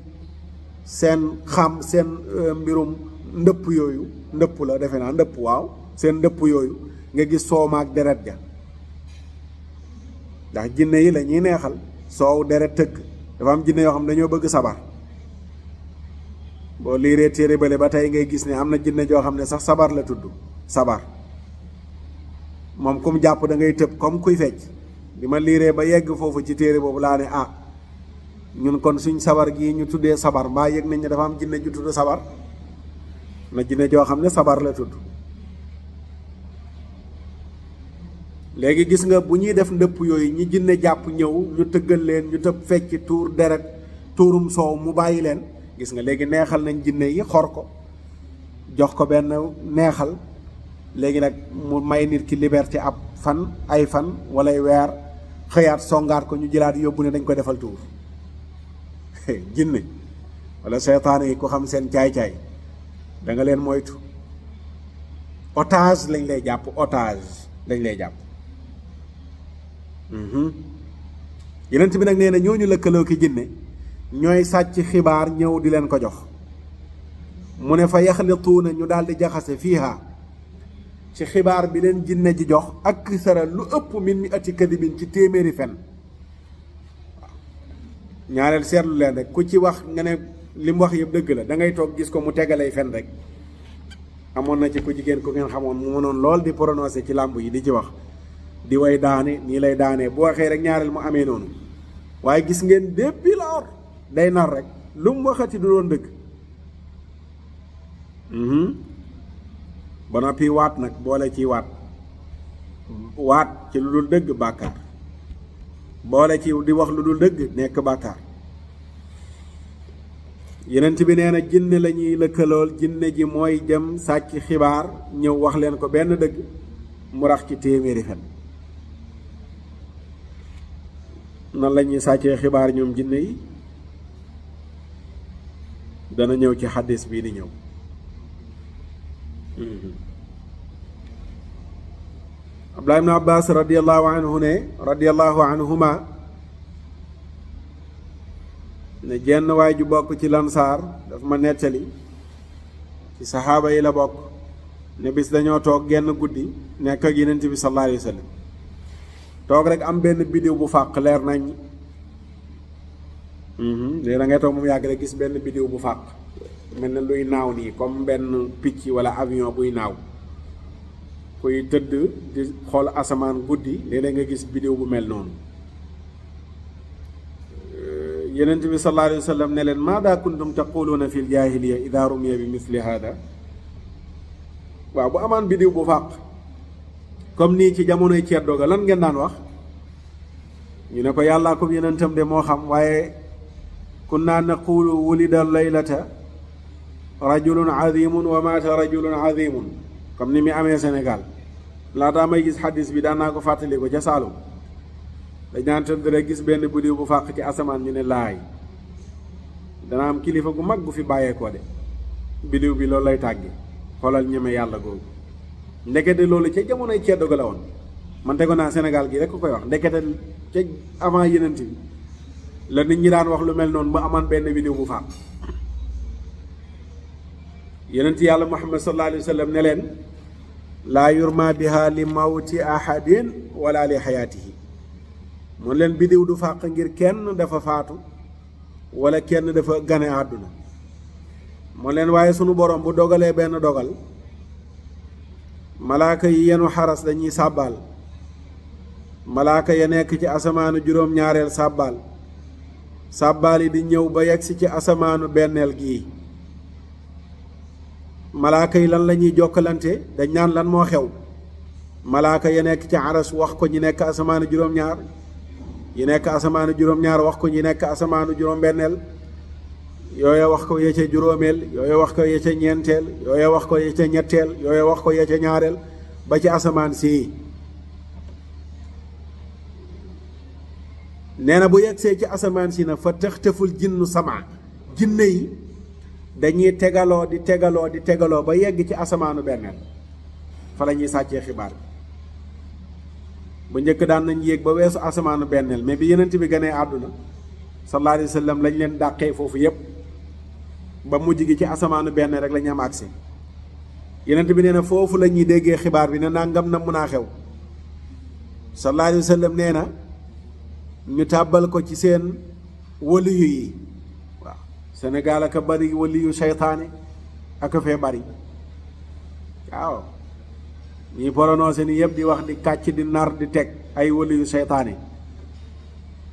seen xam seen euh, mbirum ndëpp yooyu ndëpp la defe naa ndëpp waaw seen ndëpp yooyu nga gis soow maak deret ja ndax jinne yi la ñuy neexal soow deret tëkk dafa am jinne yoo xam ne dañoo bëgg sabar boo liiree téere bale ba tey ngay gis ne am na jinne joo xam ne sax sabar la tudd sabar moom kum jàpp da ngay tëb kuy fecc bi ma liiree ba yegg foofu ci téere boobu laa ah ñun kon suñ sabar gii ñu tuddee sabar mbaa yëg nañ ne dafa am jinne ju tudd sabar na jinne joo xam ne sabar la tudd léegi gis nga bu ñuy def ndëpp yooyu ñi jinne jàpp ñëw ñu tëggal leen ñu tëb fecc tuur deret tuurum soow mu bàyyi leen gis nga léegi neexal nañ jinne yi xor ko jox ko benn neexal léegi nag mu may nit ki liberté ab fan ay fan walay weer xëyaat songaat ko ñu jëlaat yóbbu ne dañ ko defal tuur (laughs) jinne wala seytaane yi ku xam seen caay-caay da leen moytu otage lañ lay jàpp otage lañ lay jàpp Mhm. yenent bi nag nee na ñooñu lëkkaloo ki jinne ñooy sàcc xibaar ñëw di leen ko jox mu ne fa yaxlituuna ñu daal di jaxase fiiha ci xibaar bi leen jinne ji jox ak sara lu ëpp min mi ati kadibin ci téeméeri fen ñaareel seetlu leen rek ku ci wax nga ne li mu wax yëpp dëgg la da ngay toog gis ko mu tegalay fen rek amoon na ci ku jigéen ku ngeen xamoon mu mënoon lool di prononcé ci làmb yi di ci wax di way daane nii lay daanee bu waxee rek ñaareel mu amee noonu waaye gis ngeen depuis lors day nar rek lu mu waxati du doon dëgg mhm. ba noppi waat nag boole ci waat di wax lu dul dëgg nekk bàkkaar yenent bi nee na jinne la ñuy lëkkalool jinne ji mooy jëm sàcc xibaar ñëw wax leen ko benn dëgg mu rax ci téeméeri fen nan la ñuy sàccee xibaar ñoom jinne yi dana ñëw ci xaddis bii di ñëw hmm. abdullah ibn abbas radiallahu anhu ne radiallahu anhuma ne jenn waay ju bokk ci lansaar daf ma nettali ci saxaaba yi la bokk ne bis dañoo toog genn guddi nekk ak yonent bi sallallahu alayhi toog rek am benn biddiw bu fàq leer nañ mhm, léegi da ngay toog moom yàgg rek gis benn biddiw bu fàq mel na luy naaw nii comme benn picc wala avion buy naaw kuy tëdd di xool asamaan guddi léeg-léeg nga gis biddiw bu mel noonu eh, yenent bi sallallahu alayhi wa sallam ne leen maada kuntum taquluuna fi l jaahiliya ida yi bi misli hada waaw bu amaan biddiw bu fàq comme nii ci jamonoy ceddo ga lan ngeen daan wax ñu ne ko yàllaa ko yonentam de moo xam waaye kunna naqulu wulida laylata rajulun azimun wa maata rajulun azimun comme ni mi amee Sénégal laataa may gis xaddis bi daan naa ko fàttali ko ca Saalum dañ naan tëdd rek gis benn biddiw bu fàq ci asamaan ñu ne laay dana am kilifa gu mag gu fi bàyyeekoo de biddiw bi loolu lay tàgge xoolal ñeme yàlla googu ndekete loolu ca jamonoy ceddo ga la woon man tegoon naa Sénégal gi rek ko koy wax ndekete ca avant yeneen bi la nit ñi daan wax lu mel noonu mu amaan benn vidéo bu faat yeneen ci yàlla Muhammad sallallahu la wa sallam ne leen laa yurma biha li mawti ahadin wala li xayaatihi leen biddiw du fàq ngir kenn dafa faatu wala kenn dafa gane àdduna mun leen waaye sunu borom bu dogalee benn dogal malaaka yi yenu xaras dañuy sàbbaal malaaka ya nekk ci asamaanu juróom-ñaareel sàbbaal sàbbaal yi di ñëw ba yegsi ci asamaanu benneel gii malaaka yi lan la ñuy jokkalante dañ naan lan moo xew malaaka ya nekk ci aras wax ko ñi nekk asamaanu juróom-ñaar yi nekk asamaanu juróom-ñaar wax ko ñi nekk asamaanu juróom-benneel yooya wax ko ya ca juróomeel yooya wax ko ya ca ñeenteel yooya wax ko ya ca ñetteel yooya wax ko ya ñaareel ba ci asamaan sii nee na bu yegsee ci asamaan si na fa taxtaful jinnu sama jinne yi dañuy tegaloo di tegaloo di tegaloo ba yegg ci asamaanu benneel fa la ñuy sàccee xibaar bu njëkk daan nañ yéeg ba weesu asamaanu benneel mais bi yenent bi gënee àdduna sallallahu alayhi wa sallam lañ leen dàqee foofu yépp ba mujj gi ci asamaanu benn rek la ñu am agsi yenent bi nee na foofu la ñuy déggee xibaar bi ne nangam na mun a xew sallallahu alayhi wa na ñu tàbbal ko ci seen waliyu yi waaw Sénégal aka bari waliyu seytaane aka fee bari waaw ñuy prononcé ni yëpp di wax di kàcc di nar di teg ay waliyu seytaane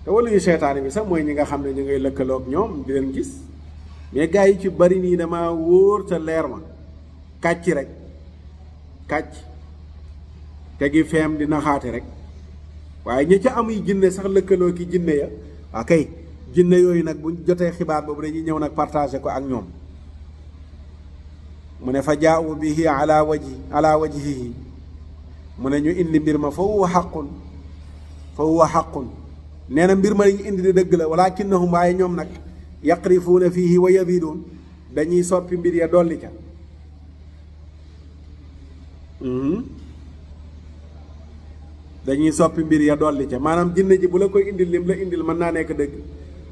te waliyu seytaane bi sax mooy ñi nga xam ne ñu ngay lëkkaloog ñoom di leen gis mais gaa yi ci bari nii dama wóor te leer ma kàcc rek kàcc tegi feem di naxaate rek waaye ñi ca amuy jinne sax lëkkaloo ki jinne ya waa kay jinne yooyu nag buñ jotee xibaar boobu dañuy ñëw nag partagé ko ak ñoom mu ne fa jaawu bihi ala waji ala wajhihi mu ne ñu indi mbir ma fa huwa xaqun fa huwa xaqun nee na mbir ma ñu indi di dëgg la walakinnahum waaye ñoom nag yaqrifuuna fiihi wa yaziduun dañuy soppi mbir ya dolli mhm. dañuy soppi mbir ya dolli ca maanaam jinne ji bu la koy indil lim la indil mën naa nekk dëgg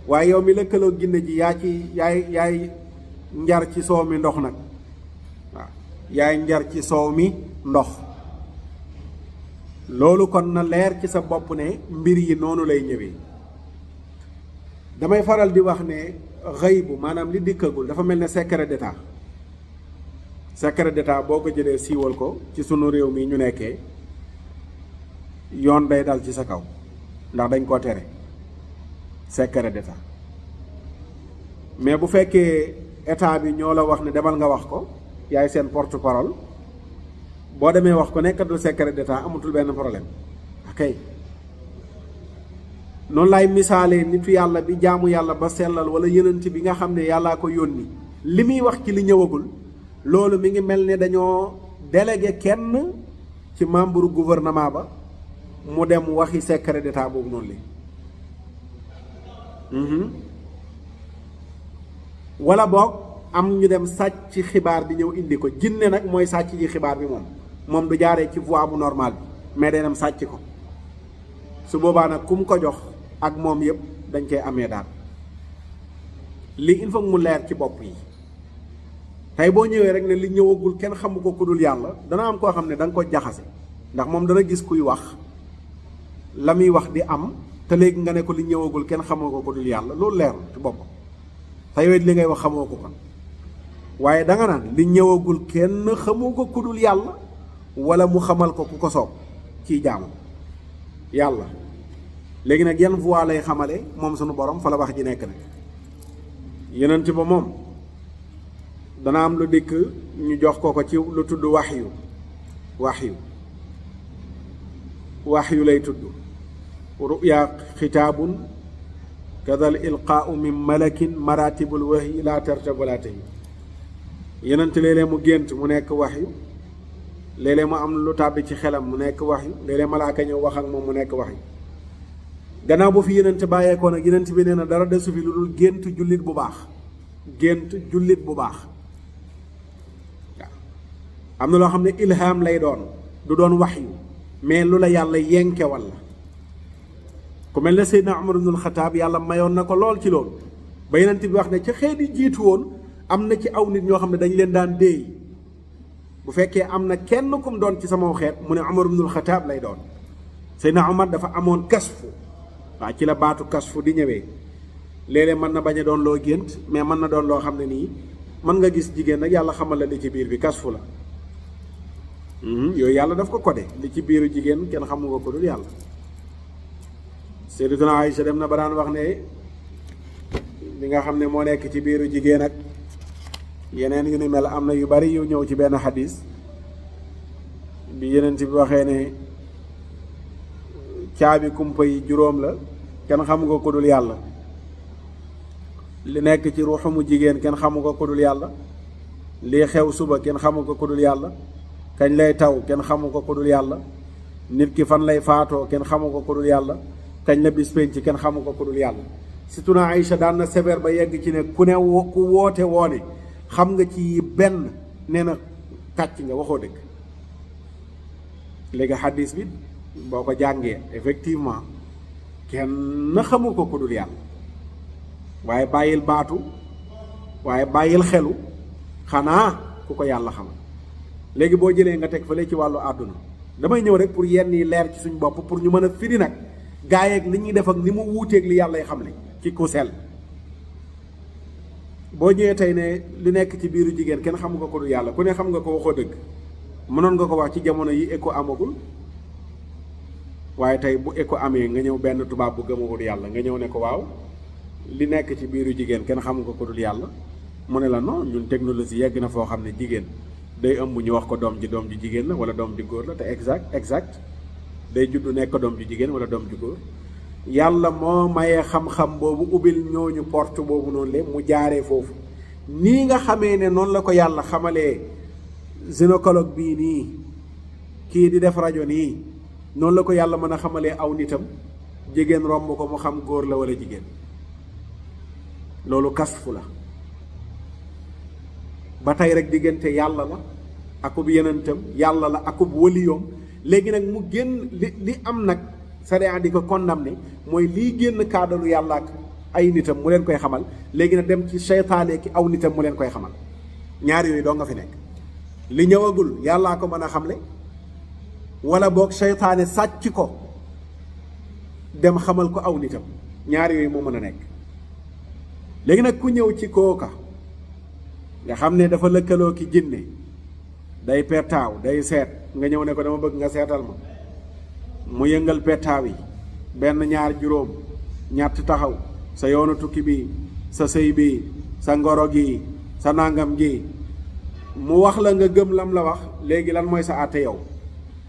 waaye yow mi lëkkaloo jinne ji yaa ci yaay yaay njar ci soow mi ndox nag yaay njar ci soow mi ndox loolu kon na leer ci sa bopp ne mbir yi noonu lay ñëwee damay faral di wax ne xëybu maanaam li dikkagul dafa mel ne secret d'état secret d'état boo ko jëlee siiwal ko ci sunu réew mi ñu nekkee yoon day dal ci sa kaw ndax dañ koo tere secret d'état mais bu fekkee état bi ñoo la wax ne demal nga wax ko yaay seen porte parole boo demee wax ko nekkatul secret d'état amatul benn problème ok noonu laay misaalee nitu yàlla bi jaamu yàlla ba sellal wala yenent bi nga xam ne yàllaa ko yónni li muy wax ci li ñëwagul loolu mi ngi mel ni dañoo délégué kenn ci membre gouvernement ba mu dem waxi secret d'état boobu noonu li mhm. wala boog am ñu dem sàcc xibaar bi ñëw indi ko jinne nag mooy sàcc ji xibaar bi moom moom du jaaree ci voie bu normal bi mais day dem sàcc ko su boobaa nag ku mu ko jox ak moom yépp dañ koy amee daal li il faut mu leer ci bopp yi tey boo ñëwee rek ne li ñëwagul kenn xamu ko ku dul yàlla dana am koo xam ne da nga jaxase ndax moom dana gis kuy wax la muy wax di am te léegi nga ne li ñëwagul kenn xamoo ko ku dul yàlla loolu ci bopp te yooyu li ngay wax xamoo ko kon waaye danga naan li ñëwagul kenn xamoo ko ku dul yàlla wala mu xamal ko ku ko soob ciy jaamam yàlla léegi nag yan voie lay xamale moom sunu borom fa la wax ji nekk nag yonent ba moom dana am lu dikk ñu jox ko ko ci lu tudd wax yu wax yu wax yu lay tudd ruya xitaabun kadal ilqaau min malakin maratibul wahyi laa tartab wala tahi yonent mu gént mu nekk wax yu léeg-léeg mu am lu tàbbi ci xelam mu nekk wax yu léeg-léeg malaaka ñëw wax ak moom mu nekk wax yu gannaaw bu fi yenent bàyyeekoo nag yenent bi nee na dara desu fi lu dul gént jullit bu baax gént jullit bu baax am na loo xam ne ilham lay doon du doon waxyu mais lu la yàlla yenkewal la ku mel ne Seydina Umar ibnul Xataab yàlla mayoon na ko lool ci lool ba yenent bi wax ne ca xeet yi jiitu woon am na ci aw nit ñoo xam ne dañ leen daan déey bu fekkee am na kenn kum doon ci sama xeet mu ne Umar ibnul Xataab lay doon Seydina Umar dafa amoon kasfu waaw ci la baatu kasfu di ñëwee léeg mën na bañ a doon loo gént mais mën na doon loo xam ne nii mën nga gis jigéen nag yàlla xamal la li ci biir bi kasfu la hmm, yooyu yàlla daf ko codé li ci biiru jigéen kenn xamu nga ko dul yàlla Sayyidatuna Aïcha dem na ba daan wax ne li nga xam ne moo nekk ci biiru jigéen ak yeneen yu ni mel am na yu bari yu ñëw ci benn xadis bi yeneen ci bi waxee ne caabi kumpa yi juróom la kenn xamu ko ku yàlla li nekk ci ruuxu jigéen kenn xamu ko ku dul yàlla xew suba kenn xamu ko ku kañ lay taw kenn xamu ko ku yàlla nit ki fan lay faatoo kenn xamu ko ku yàlla kañ la bis penc kenn xamu ko ku dul yàlla surtout Aïcha daan na sévère ba yegg ci ne ku ne ku woote woone xam nga ci benn nee na kàcc nga waxoo dëgg léegi xadis bi boo ko jàngee effectivement kenn xamul ko ku yàlla waaye bàyyil baatu waaye bàyyil xelu xanaa ku ko yàlla xamal léegi boo jëlee nga teg fële ci wàllu àdduna damay ñëw rek pour yenn yi leer ci suñ bopp pour ñu mën a firi nag gaa yeeg li ñuy def ni mu wuuteeg li yàllay xam le ci ku sel boo ñëwee tey ne li nekk ci biiru jigéen kenn xam nga ko du yàlla ku ne xam nga ko waxoo dëgg mënoon nga ko wax ci jamono yi écho amagul waaye tey bu écho amee nga ñëw benn tubaab bu gëmawul yàlla nga ñëw ne ko waaw li nekk ci biiru jigéen kenn xamu nga ko dul yàlla mu ne la non ñun technologie yegg na foo xam ne jigéen day ëmb ñu wax ko doom ji doom ji jigéen la wala doom ji góor la te exact exact day juddu nekk doom ji jigéen wala doom ji góor yàlla moo mayee xam-xam boobu ubbil ñu porte boobu noonu le mu jaaree foofu ni nga xamee ne noonu la ko yàlla xamalee gynécologue bii nii kii di def rajo nii noonu la ko yàlla mën a xamalee aw nitam jigéen romb ko mu xam góor la wala jigéen loolu kasfu la ba tey rek diggante yàlla la akub yenentam yàlla la akub waliyoom léegi nag mu génn li li am nag sariya di ko condamné mooy lii génn kaadaru yàlla ak ay nitam mu leen koy xamal léegi nag dem ci seytaane ki aw nitam mu leen koy xamal ñaar yooyu doo nga fi nekk li ñëwagul yàllaa ko mën a xamle wala boog seytaane sàcc ko dem xamal ko aw nitam ñaar yooyu moo mën a nekk léegi nag ku ñëw ci kooka nga xam ne dafa lëkkaloo ki jinne day pettaaw day seet nga ñëw ne ko dama bëgg nga seetal ma mu yëngal pettaaw yi benn ñaar juróom ñett taxaw sa yoonu tukki bi sa sëy bi sa ngoro gi sa nangam gi mu wax la nga gëm lam la wax léegi lan mooy sa àtte yow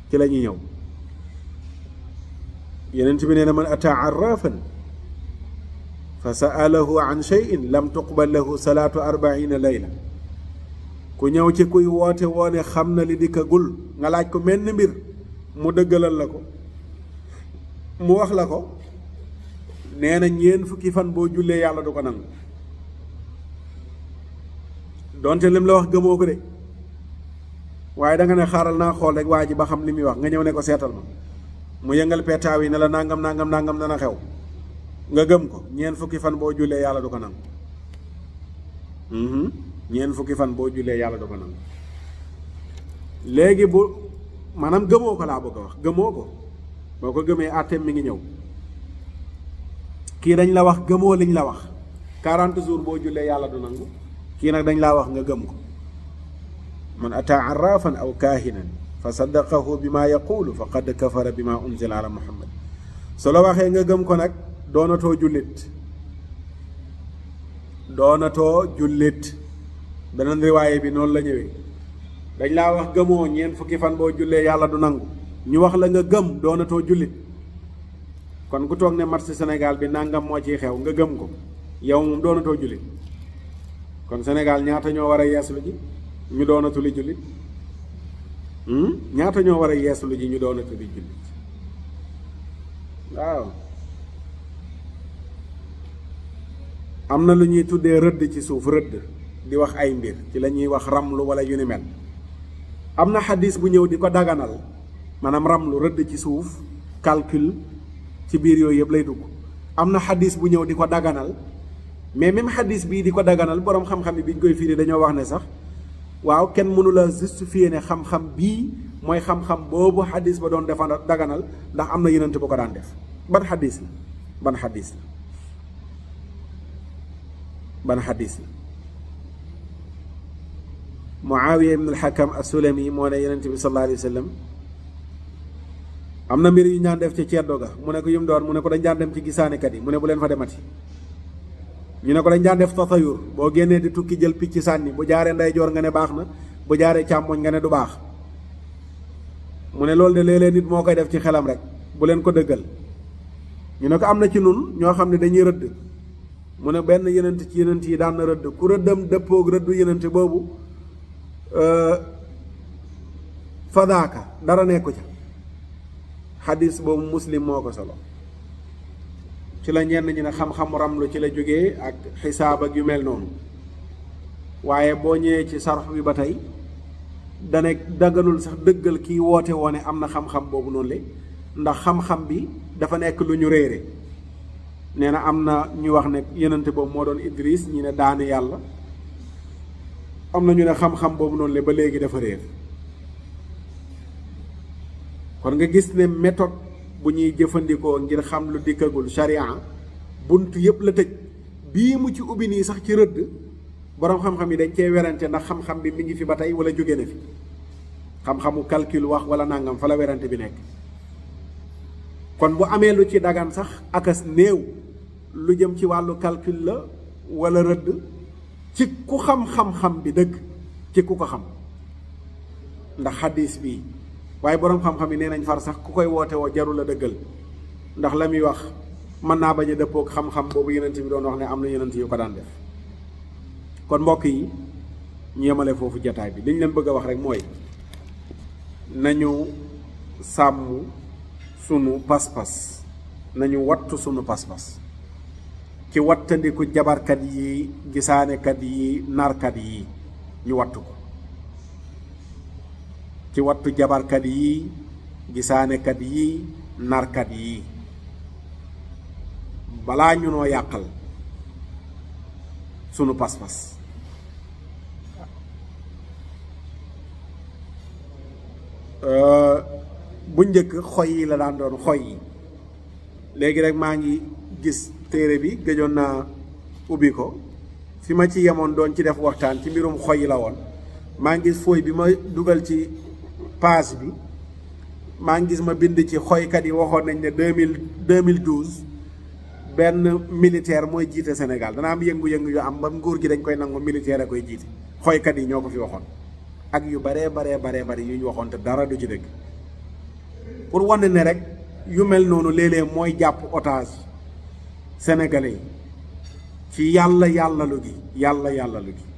ci la ñuy ñëw yeneen bi nee na man ata arrafan fa saalahu an cheyin lam tuqbal lahu salaatu arbaina layla ku ñëw ci kuy woote woone xam na li dikkagul nga laaj ko menn mbir mu dëggalal la ko mu wax la ko nee na ñeen fukki fan boo jullee yàlla du ko nangu donte lim la wax gëmoo ko de waaye da nga ne xaaral naa xool rek waa ji ba xam li muy wax nga ñëw ne ko seetal ma mu yëngal petaaw yi ne la nangam nangam nangam dana xew nga gëm ko ñeent fukki fan boo jullee yàlla du ko nangu mhm. ñeent fukki fan boo jullee yàlla du ko nangu léegi bu maanaam gëmoo ko laa bëgg a wax gëmoo ko boo ko gëmee àtteem mi ngi ñëw kii dañ la wax gëmoo liñ la wax 40 jours boo jullee yàlla du nangu kii nag dañ laa wax nga gëm ko man ataa arraafan aw kaahinan fa saddaqahu bi maa yaquulu faqad kafara bi maa unzila ala muhammad su la waxee nga gëm ko nag doonatoo jullit doonatoo jullit beneen riwaaye bi noonu la ñëwee dañ laa wax gëmoo ñeent fukki fan boo jullee yàlla du nangu ñu wax la nga gëm doonatoo jullit kon ku toog ne match Sénégal bi nangam moo ciy xew nga gëm ko yow moom doonatoo jullit kon Sénégal ñaata ñoo war a yeeslu ji ñu doonatuli jullit hmm? ñaata ñoo war a yees lu ji ñu doonatuli jullit waaw am na lu ñuy tuddee rëdd ci suuf rëdd di wax ay mbir ci la ñuy wax ramlu wala yu ni mel am na xadis bu ñëw di ko daganal maanaam ramlu rëdd ci suuf calcul ci biir yooyu yëpp lay dugg am na xadis bu ñëw di ko daganal mais même xadis bii di ko daganal boroom xam-xam yi biñ koy firi dañoo wax ne sax waaw kenn mënu la justifier ne xam-xam bii mooy xam-xam boobu xadis ba doon defar daganal ndax am na yeneen bu ko daan def ban xadis la ban xadis la ban xadis la Muawiya ibn al-Hakam as-Sulami moo ne yeneen bi sallallahu alayhi wa sallam am na mbir yu ñaan def ci ceddo ga mu ne ko yum doon mu ne ko dañ dem ci gisaanikat yi mu ne bu leen fa demat demati ñu ne ko dañ daan def tatayur boo génnee di tukki jël picc sànni bu jaaree ndeyjoor nga ne baax na bu jaaree càmmoñ nga ne du baax mu ne loolu de léeg nit moo koy def ci xelam rek bu leen ko dëggal ñu ne ko am na ci nun ñoo xam ne dañuy rëdd mu ne benn yenent ci yenent yi daan na rëdd ku rëddam dëppoog rëddu yënante boobu euh, fadaaka dara nekku ca xadis boobu muslim moo ko solo ci la ñenn ñi ne xam ram ramlu ci la jóge ak xisaab ak yu mel noonu waaye boo ñëwee ci sarx bi ba tey dane daganul sax dëggal kii woote woone am na xam-xam boobu noonu le ndax xam-xam bi dafa nekk lu ñu réere nee na am na ñu wax ne yenante boobu moo doon Idris ñi ne daanu yàlla am na ñu ne xam-xam boobu noonu le ba léegi dafa réer kon nga gis ne méthode bu ñuy jëfandikoo ngir xam lu dikkagul sharia bunt yëpp la tëj bii mu ci ubbi nii sax ci rëdd borom xam-xam yi dañ cee werante ndax xam-xam bi mi ngi fi ba tey wala jóge na fi xam-xamu calcul wax wala nangam fa la werante bi nekk kon bu amee lu ci dagan sax akas néew lu jëm ci wàllu calcul la wala rëdd ci ku xam xam-xam bi dëgg ci ku ko xam ndax xadis bi waaye boroom xam-xam yi nee nañ far sax ku koy woote woo jarul a dëggal ndax la muy wax mën naa bañ a dëppoo ak xam-xam boobu yenent bi doon wax ne am na yenent yu ko daan def kon mbokk yi ñu yemale foofu jataay bi li ñu leen bëgg a wax rek mooy nañu sàmm sunu pas-pas nañu wattu sunu pas-pas ci wattandiku jabarkat yi gisaanekat yi narkat yi ñu wattu ko ci wattu jabarkat yi gisaanekat yi narkat yi balaa ñu noo yàqal sunu pas-pas bu njëkk xoy yi la daan doon xoy yi léegi rek maa ngi gis téere bi gëjoon naa ubbi ko fi ma ci yemoon doon ci def waxtaan ci mbirum xoy yi la woon maa ngi gis bi ma dugal ci page bi maa ngi gis ma bind ci xoykat yi waxoon nañ ne deux mille deux mille douze benn militaire mooy jiite Sénégal dana am yëngu-yëngu yu am ba nguur gi dañ koy nangu militaire a koy jiite xoykat yi ñoo ko fi waxoon ak yu baree baree baree bari yu ñu waxoon te dara du ci dëgg pour wane ne rek yu mel noonu léeg-léeg mooy jàpp otage sénégalais yi ci yàlla yàlla lu gi yàlla yàlla gi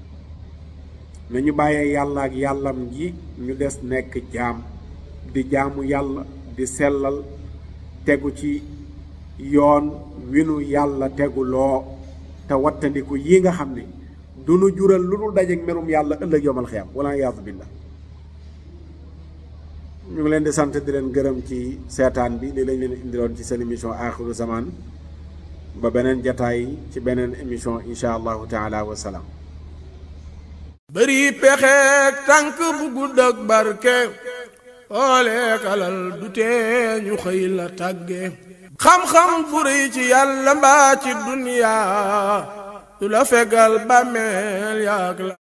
nañu bàyyee yàlla ak yàllam ji ñu des nekk jaam di jaamu yàlla di sellal tegu ci yoon winu yàlla tegu loo te wattandiku yi nga xam ni du nu jural lu dul dajeek merum yàlla ëllëg yomal xiyam wala yaatu billah ñu ngi leen di sant di leen gërëm ci seetaan bi li lañ leen indiloon ci seen émission axiru zaman ba beneen jataay ci beneen émission incha allahu taala wa bëri pexeek tànk bu gudd ak barke xooleek alal du tee ñu xëy la tàgge xam-xam bu rëy ci yàlla mbaa ci duniyaa du la fegal bàmmeel yaak